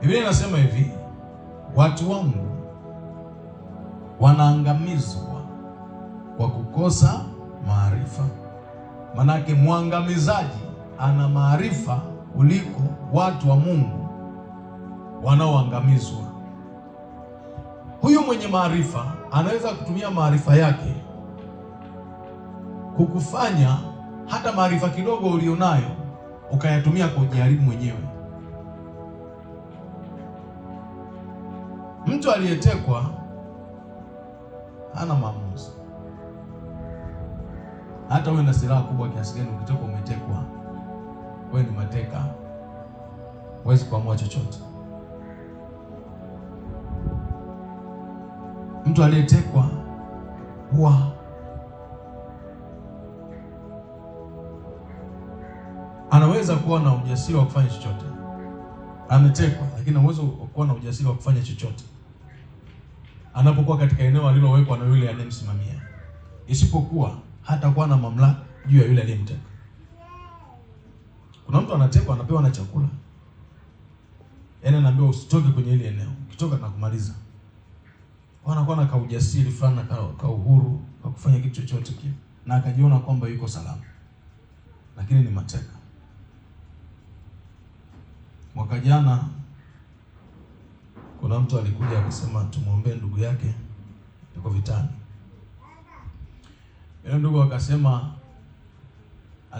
Biblia inasema hivi, watu wangu wanaangamizwa kwa kukosa maarifa. Manake mwangamizaji ana maarifa kuliko watu wa Mungu wanaoangamizwa. Huyu mwenye maarifa anaweza kutumia maarifa yake kukufanya hata maarifa kidogo ulionayo ukayatumia kujiharibu mwenyewe. mtu aliyetekwa hana maamuzi. Hata wewe na silaha kubwa kiasi gani, ukitekwa, umetekwa, wewe ni mateka, huwezi kuamua chochote. Mtu aliyetekwa huwa anaweza kuwa na ujasiri wa kufanya chochote. Ametekwa, lakini hawezi kuwa na ujasiri wa kufanya chochote anapokuwa katika eneo alilowekwa na yule anayemsimamia, isipokuwa hatakuwa na mamlaka juu ya yule aliyemteka. Kuna mtu anatekwa, anapewa na chakula, yaani anaambiwa usitoke kwenye ile eneo, ukitoka na kumaliza. Anakuwa na kaujasiri fulani na ka uhuru wa kufanya kitu chochote kile, na akajiona kwamba yuko salama, lakini ni mateka. Mwaka jana kuna mtu alikuja akasema tumwombee ndugu yake yuko vitani. Yule ndugu akasema,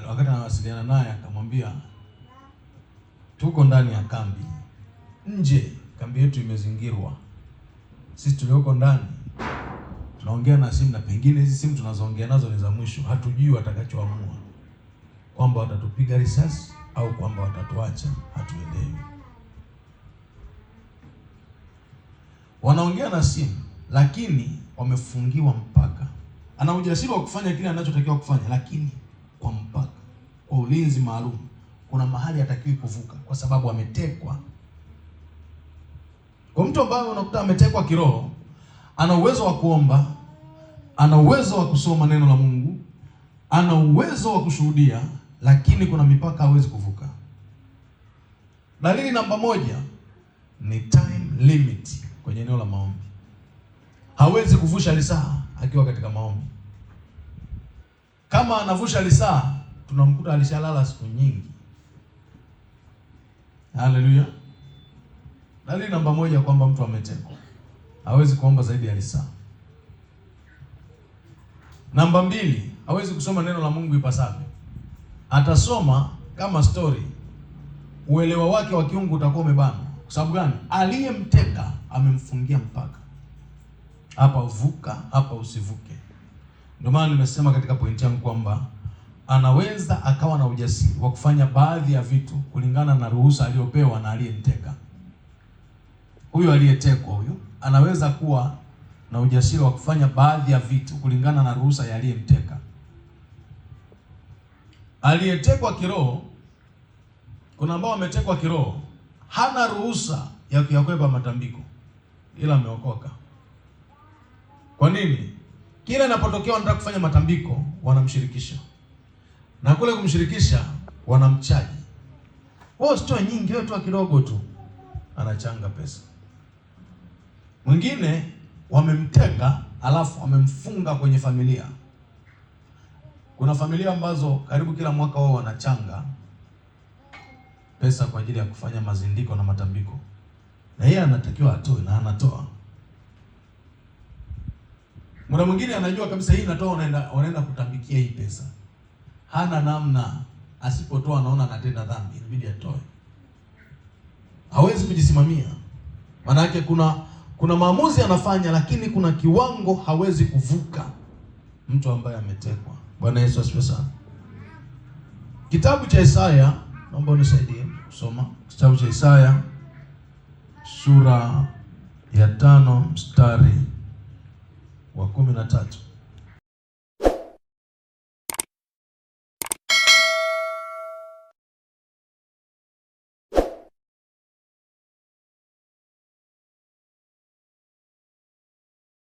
wakati anawasiliana naye akamwambia, tuko ndani ya kambi, nje kambi yetu imezingirwa. Sisi tulioko ndani tunaongea na simu, na pengine hizi simu tunazoongea nazo ni za mwisho. Hatujui watakachoamua, kwamba watatupiga risasi au kwamba watatuacha, hatuelewi. wanaongea na simu, lakini wamefungiwa mpaka. Ana ujasiri wa kufanya kile anachotakiwa kufanya, lakini kwa mpaka, kwa ulinzi maalum. Kuna mahali hatakiwi kuvuka kwa sababu ametekwa. Kwa mtu ambaye unakuta ametekwa kiroho, ana uwezo wa kuomba, ana uwezo wa kusoma neno la Mungu, ana uwezo wa kushuhudia, lakini kuna mipaka hawezi kuvuka. Dalili namba moja ni time limit kwenye eneo la maombi. Hawezi kuvusha lisaa akiwa katika maombi. Kama anavusha lisaa, tunamkuta alishalala siku nyingi. Haleluya! Dalili namba moja kwamba mtu ametekwa, hawezi kuomba zaidi ya lisaa. Namba mbili, hawezi kusoma neno la Mungu ipasavyo. Atasoma kama story, uelewa wake wa kiungu utakuwa umebana kwa sababu gani? aliyemteka amemfungia mpaka, hapa uvuka, hapa usivuke. Ndio maana nimesema katika pointi yangu kwamba anaweza akawa na ujasiri wa kufanya baadhi ya vitu kulingana na ruhusa aliyopewa na aliyemteka Huyo aliyetekwa huyu anaweza kuwa na ujasiri wa kufanya baadhi ya vitu kulingana na ruhusa ya aliyemteka. Aliyetekwa kiroho, kuna ambao wametekwa kiroho hana ruhusa ya kuyakwepa matambiko, ila ameokoka. Kwa nini? Kila inapotokea wanataka kufanya matambiko, wanamshirikisha na kule kumshirikisha wanamchaji. wao, usitoe nyingi, wewe toa kidogo tu, anachanga pesa. Mwingine wamemtenga, alafu wamemfunga kwenye familia. Kuna familia ambazo karibu kila mwaka wao wanachanga pesa kwa ajili ya kufanya mazindiko na matambiko, na yeye anatakiwa atoe na anatoa. Mwana mwingine anajua kabisa hii natoa, unaenda unaenda kutambikia hii pesa, hana namna. Asipotoa anaona anatenda dhambi, inabidi atoe, hawezi kujisimamia. yake kuna kuna maamuzi anafanya, lakini kuna kiwango hawezi kuvuka, mtu ambaye ametekwa. Bwana Yesu asifiwe sana. Kitabu cha Isaya, naomba unisaidie kusoma kitabu cha Isaya sura ya tano mstari wa kumi na tatu.